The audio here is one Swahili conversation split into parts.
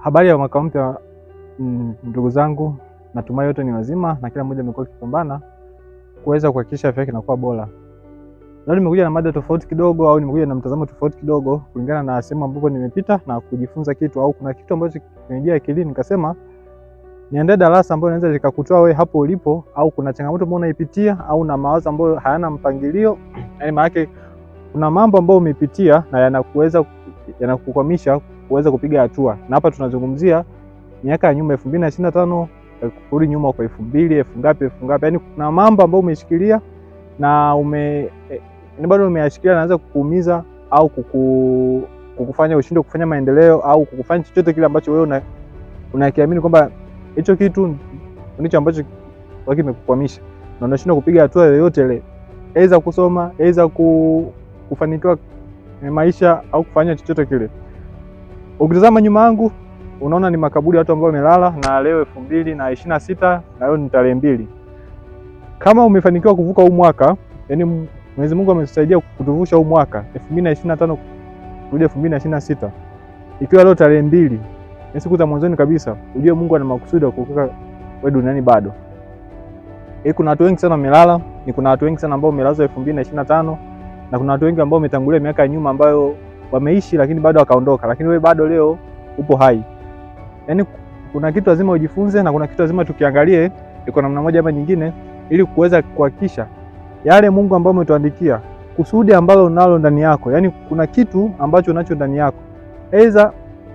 Habari ya mwaka mpya mm, ndugu zangu, natumai yote ni wazima na kila mmoja amekuwa akipambana kuweza kuhakikisha afya yake inakuwa bora. Leo nimekuja na mada tofauti kidogo, au nimekuja na mtazamo tofauti kidogo kulingana na sehemu ambapo nimepita na kujifunza kitu, au kuna kitu ambacho kimejia akilini nikasema niandae darasa ambayo naweza likakutoa wewe hapo ulipo, au kuna changamoto ambayo unaipitia, au na mawazo ambayo hayana mpangilio, yani maana yake kuna mambo ambayo umeipitia na yanakuweza yanakukwamisha kuweza kupiga hatua, na hapa tunazungumzia miaka ya nyuma elfu mbili na na tano kurudi nyuma kwa elfu mbili elfu ngapi elfu ngapi, yani kuna mambo ambayo umeshikilia na ume e, bado umeyashikilia, naanza kukuumiza au kuku, kukufanya ushindwe kufanya maendeleo au kukufanya chochote kile ambacho wewe unakiamini una kwamba hicho kitu ndicho ambacho kimekukwamisha na unashindwa kupiga hatua yoyote ile, aidha kusoma, aidha kufanikiwa maisha au kufanya chochote kile. Ukitazama nyuma yangu unaona ni makaburi ya watu ambao wamelala, na leo elfu mbili na ishirini na sita na leo ni tarehe mbili. Kama umefanikiwa kuvuka huu mwaka, yani Mwenyezi Mungu amesaidia kutuvusha huu mwaka 2025 kuja 2026, ikiwa leo tarehe mbili ni yaani siku za mwanzoni kabisa, ujue Mungu ana makusudi ya kukuweka wewe duniani bado. E, kuna watu wengi sana wamelala, ni kuna watu wengi sana ambao wamelazwa 2025 na kuna watu wengi ambao wametangulia miaka ya nyuma ambayo wameishi, lakini bado wakaondoka, lakini wewe bado leo upo hai. Yaani kuna kitu lazima ujifunze na kuna kitu lazima tukiangalie iko namna moja ama nyingine, ili kuweza kuhakikisha yale Mungu ambayo umetuandikia, kusudi ambalo unalo ndani yako. Yaani kuna kitu ambacho unacho ndani yako, aidha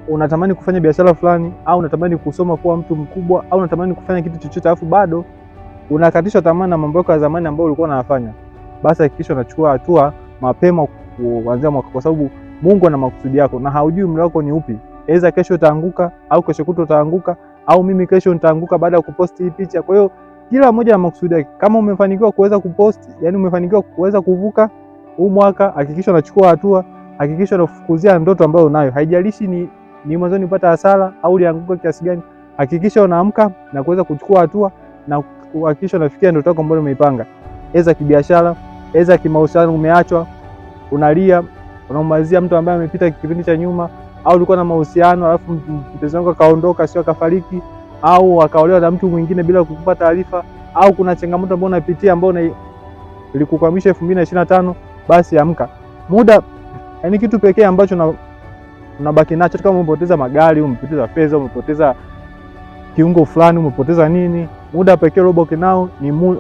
unatamani kufanya biashara fulani, au unatamani kusoma kuwa mtu mkubwa, au unatamani kufanya kitu chochote, alafu bado unakatishwa tamaa na mambo yako ya zamani ambayo ulikuwa unayafanya. Basi hakikisha unachukua hatua mapema kuanzia mwaka, kwa sababu Mungu ana makusudi yako na haujui mlo wako ni upi. Aweza kesho utaanguka au kesho kuto utaanguka au mimi kesho nitaanguka baada ya kuposti hii picha. Kwa hiyo kila mmoja ana makusudi yake. Kama umefanikiwa kuweza kuposti, yani umefanikiwa kuweza kuvuka huu mwaka, hakikisha unachukua hatua, hakikisha unafukuzia ndoto ambayo unayo. Haijalishi ni ni mwanzoni upata hasara au ulianguka kiasi gani, hakikisha unaamka na kuweza kuchukua hatua na kuhakikisha unafikia ndoto yako ambayo umeipanga. Eza kibiashara, eza kimahusiano, umeachwa unalia unamwazia mtu ambaye amepita kipindi cha nyuma, au ulikuwa na mahusiano alafu mpenzi wako akaondoka, sio akafariki, au akaolewa na mtu mwingine bila kukupa taarifa, au kuna changamoto ambayo unapitia ambayo ilikukwamisha elfu mbili na ishirini na tano, basi amka. Muda ni yaani kitu pekee ambacho unabaki nacho. Kama umepoteza magari, umepoteza fedha, umepoteza kiungo fulani, umepoteza nini, muda pekee robaki nao ni mu...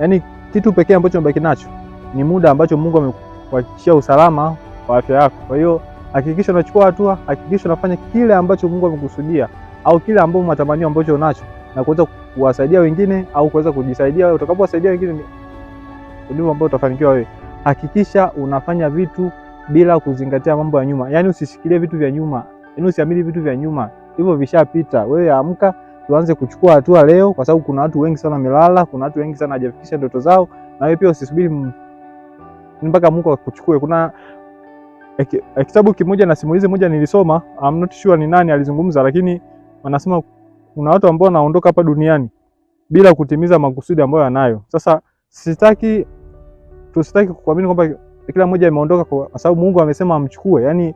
yani kitu pekee ambacho unabaki nacho ni muda ambacho Mungu amekupa kuhakikishia usalama wa afya yako. Kwa hiyo hakikisha unachukua hatua, hakikisha unafanya kile ambacho Mungu amekusudia au kile ambacho matamanio ambacho unacho na kuweza kuwasaidia wengine au kuweza kujisaidia wewe. Utakapowasaidia wengine ndivyo ambao utafanikiwa wewe. Hakikisha unafanya vitu bila kuzingatia mambo ya nyuma, yaani usishikilie vitu vya nyuma, yaani usiamini vitu vya nyuma, hivyo vishapita. Wewe amka, tuanze kuchukua hatua leo, kwa sababu kuna watu wengi sana wamelala, kuna watu wengi sana hawajafikisha ndoto zao, na wewe pia usisubiri mpaka Mungu akuchukue. Kuna eh, kitabu kimoja na simulizi moja nilisoma, I'm not sure ni nani alizungumza, lakini wanasema kuna watu ambao wanaondoka hapa duniani bila kutimiza makusudi ambayo anayo. Sasa sitaki tusitaki kuamini kwamba kila mmoja ameondoka kwa sababu Mungu amesema amchukue. Yani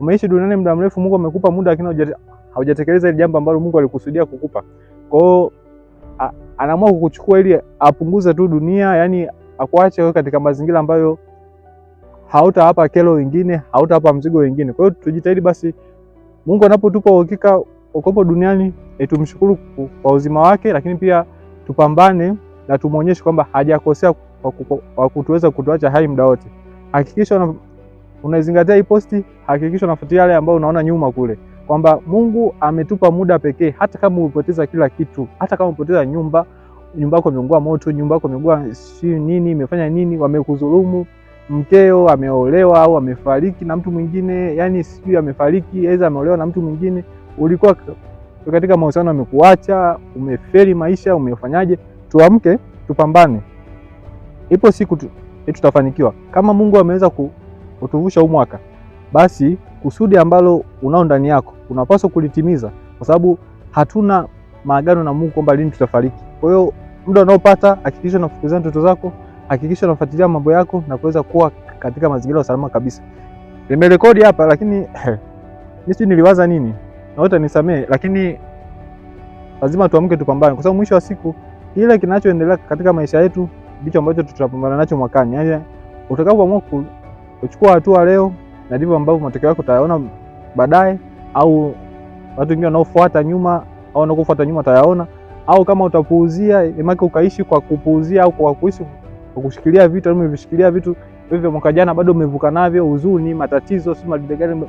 umeishi duniani muda mrefu, Mungu amekupa muda, lakini haujatekeleza ile jambo ambalo Mungu alikusudia kukupa. Kwa hiyo anaamua kukuchukua ili apunguze tu dunia, yani akuache wewe katika mazingira ambayo hautawapa kero wengine, hautawapa mzigo wengine. Kwa hiyo tujitahidi basi, Mungu anapotupa uhakika ukopo duniani e, tumshukuru kwa uzima wake, lakini pia tupambane na tumuonyeshe kwamba hajakosea kwa kutuweza kutuacha hai muda wote. Hakikisha unaizingatia hii posti, hakikisha unafuatilia yale ambayo unaona nyuma kule, kwamba Mungu ametupa muda pekee, hata kama umepoteza kila kitu, hata kama umepoteza nyumba nyumba yako imeungua moto, nyumba yako imeungua si nini, imefanya nini, wamekudhulumu, mkeo ameolewa au amefariki na mtu mwingine, yani sijui amefariki, aidha ameolewa na mtu mwingine, ulikuwa katika mahusiano amekuacha, umefeli maisha, umefanyaje? Tuamke, tupambane, ipo siku tu, eh, tutafanikiwa. Kama Mungu ameweza kutuvusha huu mwaka, basi kusudi ambalo unao ndani yako unapaswa kulitimiza, kwa sababu hatuna maagano na Mungu kwamba lini tutafariki. Kwa hiyo muda unaopata hakikisha unafukiza ndoto zako, hakikisha unafuatilia mambo yako na kuweza kuwa katika mazingira salama kabisa. Nimerekodi hapa lakini mimi eh, niliwaza nini? Na wote nisamee, lakini lazima tuamke tupambane, kwa sababu mwisho wa siku ile kinachoendelea katika maisha yetu ndicho ambacho tutapambana nacho mwakani. Yaani utakapoamua kuchukua hatua leo, na ndivyo ambavyo matokeo yako utayaona baadaye, au watu wengine wanaofuata nyuma au wanaokufuata nyuma utayaona au kama utapuuzia imaki ukaishi kwa kupuuzia au kwa kuishi kwa kushikilia vitu au yaani umevishikilia vitu hivyo, mwaka jana bado umevuka navyo, huzuni, matatizo, si madide gani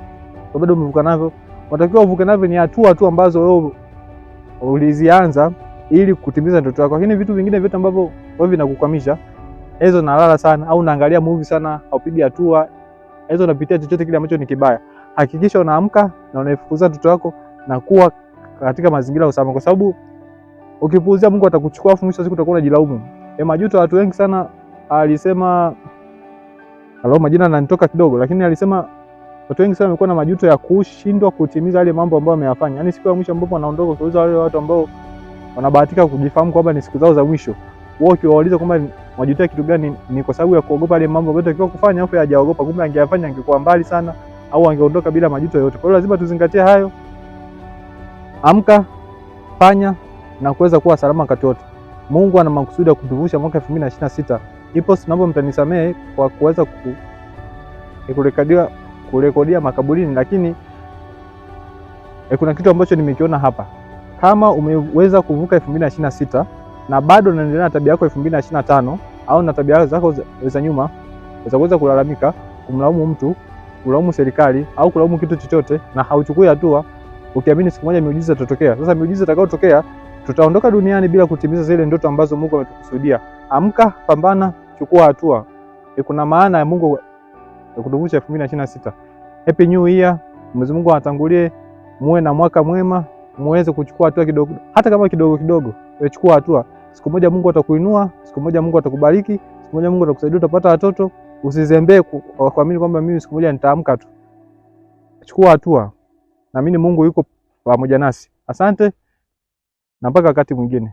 bado umevuka navyo, unatakiwa uvuke navyo. Ni hatua tu ambazo wewe ulizianza ili kutimiza ndoto yako, lakini vitu vingine vyote ambavyo wewe vinakukwamisha, hizo nalala sana au naangalia movie sana, haupigi hatua hizo, unapitia chochote kile ambacho ni kibaya, hakikisha unaamka na unaifukuza ndoto yako na kuwa katika mazingira ya usalama kwa sababu ukipuuzia Mungu atakuchukua, afu mwisho siku utakuwa unajilaumu. E, majuto watu wengi sana alisema alao majina yananitoka kidogo, lakini alisema watu wengi sana wamekuwa na majuto ya kushindwa kutimiza yale mambo ambayo wameyafanya. Yaani siku ya mwisho ambapo wanaondoka kuuza wale watu ambao wanabahatika kujifahamu kwamba ni siku zao za mwisho. Wao ukiwauliza kwamba majuto ya kitu gani, ni kwa sababu ya kuogopa yale mambo ambayo atakiwa kufanya afu hajaogopa, kumbe angeyafanya angekuwa mbali sana au angeondoka bila majuto yote. Kwa hiyo lazima tuzingatie hayo. Amka, fanya na kuweza kuwa salama wakati wote. Mungu ana makusudi ya kutuvusha mwaka 2026. Ipo sinapo mtanisamehe kwa kuweza kurekodia kurekodia makaburini, lakini e, kuna kitu ambacho nimekiona hapa. Kama umeweza kuvuka 2026 na bado unaendelea na tabia yako 2025 au na tabia zako za nyuma, unaweza kulalamika, kumlaumu mtu, kulaumu serikali au kulaumu kitu chochote, na hauchukui hatua ukiamini siku moja miujiza itatokea. Sasa miujiza itakayotokea Tutaondoka duniani bila kutimiza zile ndoto ambazo Mungu ametukusudia. Amka, pambana, chukua hatua. E, kuna maana ya Mungu e, kutukumbusha 2026. Happy New Year. Mwenyezi Mungu atangulie, muwe na mwaka mwema, muweze kuchukua hatua kidogo, hata kama kidogo kidogo. E, chukua hatua. Siku moja Mungu atakuinua, siku moja Mungu atakubariki, siku moja Mungu atakusaidia, utapata watoto. Usizembee kuamini kwamba mimi siku moja nitaamka tu. Chukua hatua. Naamini Mungu yuko pamoja nasi. Asante na mpaka wakati mwingine.